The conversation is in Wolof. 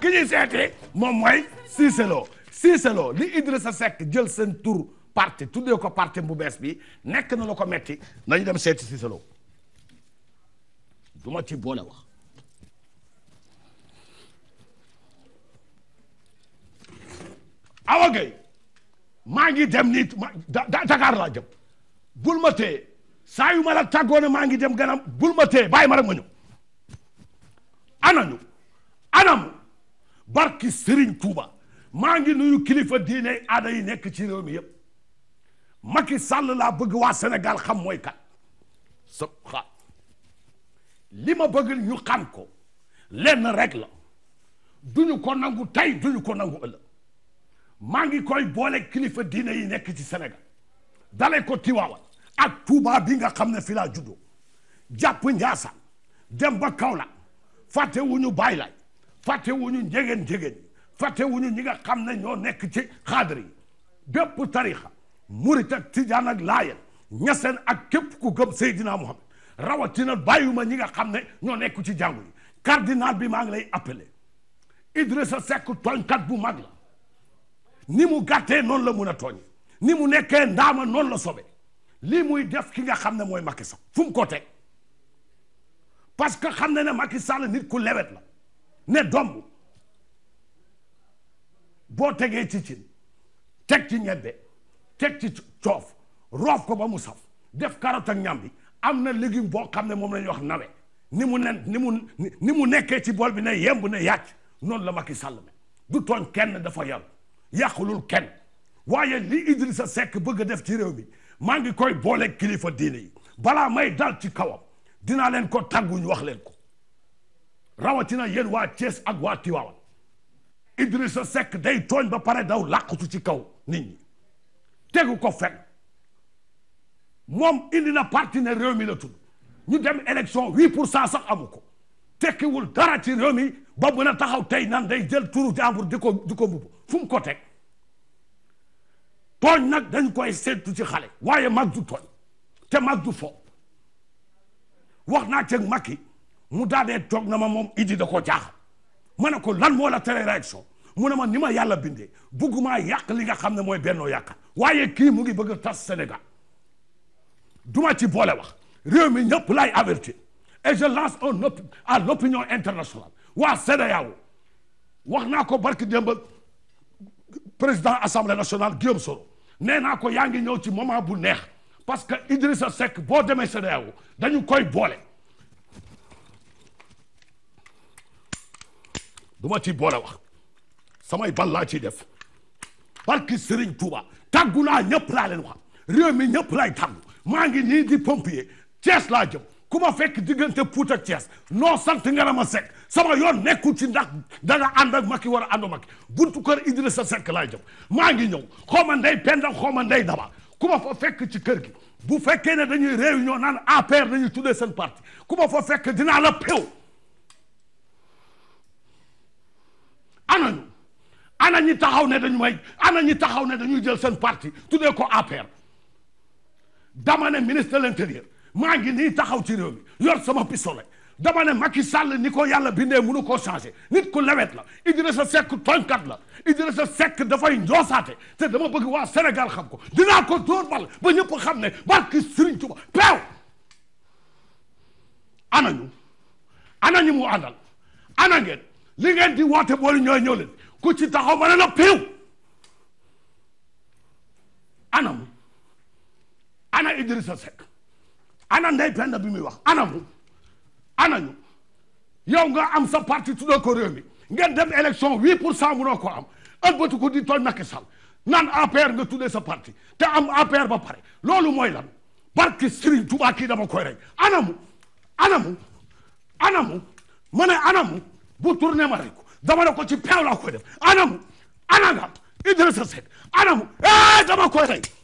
ki ñuy seetee moom mooy Cissé Lo Cissé Lo li Idrissa Seck jël seen tur parti tuddee ko parti bu bees bi nekk na la ko metti nañu dem seeti Cissé Lo du ma ci boole wax Awa Gueye maa ngi dem nii Dakar laa jëm bul ma téye saa ma la tàggoona maa ngi dem ganam bul ma téye bàyyi ma rek ma ñëw anañu anam barki Serigne Touba maa ngi nuyu kilifa diine aada yi nekk ci réew mi yëpp Macky Sall laa bëgg waa senegal xam mooy kat sëb xa li ma bëgg ñu xam ko lenn rek la duñu ko nangu tey duñu ko nangu ëllëg maa ngi koy boole kilifa diine yi nekk ci Sénégal dale ko Tiwaawan ak Touba bi nga xam ne fi laa juddoo jàpp Njaasaan dem ba Kaolack fàtte wuñu bàyyi laay fàtte wuñu njegéen njegéen ñi fàtte wuñu ñi nga xam ne ñoo nekk ci xaadar yi bépp tarixa murit ak tijaan ak laayeen ñaseen ak képp ku gëm Seydina Muhammad rawatina bàyyuma ñi nga xam ne ñoo nekk ci jàngu yi cardinal bi maa ngi lay appelé Idrissa Seck tooñkat bu mag la ni mu gàttee noonu la mun a tooñe ni mu nekkee ndaama noonu la sobe lii muy def ki nga xam ne mooy Macky Sall fu mu ko teg parce que xam ne ne Macky Sall nit ku lewet la ne domb boo tegee ci cin teg ci ñebbe teg ci coof roof ko ba mu saf def carotte ak ñam bi am na légume boo xam ne moom la ñuy wax nawe ni mu nen ni mu nekkee ci bool bi ne yemb ne yàcc noonu la Macky Sall me du tooñ kenn dafa yar yàqulul kenn waaye li Idrissa sekk bëgg a def ci réew bi maa ngi koy boole kilifa diine yi balaa may dal ci kawam dinaa leen ko tàgguñ wax leen ko rawatina yéen waa Thiès ak waa Tiwaawan Idrissa sekk day tooñ ba pare daw làqutu ci kaw nit ñi tegu ko fenn moom indi na parti ne réew mi la ñu dem élection huit pour cent sax amu ko tekkiwul dara ci réew mi ba mën taxaw tey nan day jël turu jàmbur di ko di ko mbubb fu ko teg tooñ nag dañ koy seetu ci xale waaye mag du tooñ te mag du fo wax naa ceeg Macky mu daadee toog na ma moom Idi da koo jaaxal ma ne ko lan moo la tere mu ne ma ni ma yàlla bindee buggumaa yàq li nga xam ne mooy benno yàq waaye kii mu ngi bëgg a tas Sénégal duma ci boole wax réew mi ñëpp lay avertir et je lance un op à waa internationale waa e e wax naa ko barki démb président assemblée nationale Guillaume Soro nee naa ko yaa ngi ñëw ci moment bu neex parce que Idrissa Seck boo demee CEDEAO dañu koy boole du ma ci boole wax samay bal laa ciy def barki Serigne Touba tàggu laa ñëpp laa leen wax réew mi ñëpp lay tàggu maa ngi nii di pompier Thiès laa jëm ku ma fekk diggante Pout ak Thiès noo sant nga a Seck sama yoon nekkul ci ndax dana ànd ak Macky war a ànd Macky buntu kër Idrissa Seck laa jëm maa ngi ñëw xaw ma ndey Penda xaw ma ndey Daba ku ma fa fekk ci kër gi bu fekkee ne dañuy réunion naan APR dañuy tuddee seen parti ku ma fa fekk dinaa la pew. ñi taxaw ne dañu may ana ñu taxaw ne dañuy jël seen parti tuddee ko APR dama ne ministre de l'intérieur maa ngi nii taxaw ci réew mi yor sama pistolet dama ne Macky Sall ni ko yàlla bindee mënu ko changé nit ku lewet la Idrissa Seck tooñkat la sa sekk dafay njoosaate te dama bëgg waa Sénégal xam ko dinaa ko dóor bal ba ñëpp xam ne barki Serigne Touba peew anañu anañu mu àndal ana ngeen li di woote boolu ñooy ñëw leen ku ci taxaw ba ne la peew anam ana Idrissa Seck ana Ndeye Penda bi muy wax anam anañu yow nga am sa parti tu ko réew mi ngeen dem élection huit pour cent munoo ko am ëlbatu ko di tooñ Macky Sall nan APR nga tuddee sa parti te am APR ba pare loolu mooy lan barke Serigne Touba kii dama koy rek anamu anamu anamu ma ne anamu bu tourné ma rek dama ne ko ci peew laa koy def anamu ananga Idrissa Seck anamu eh dama koy rey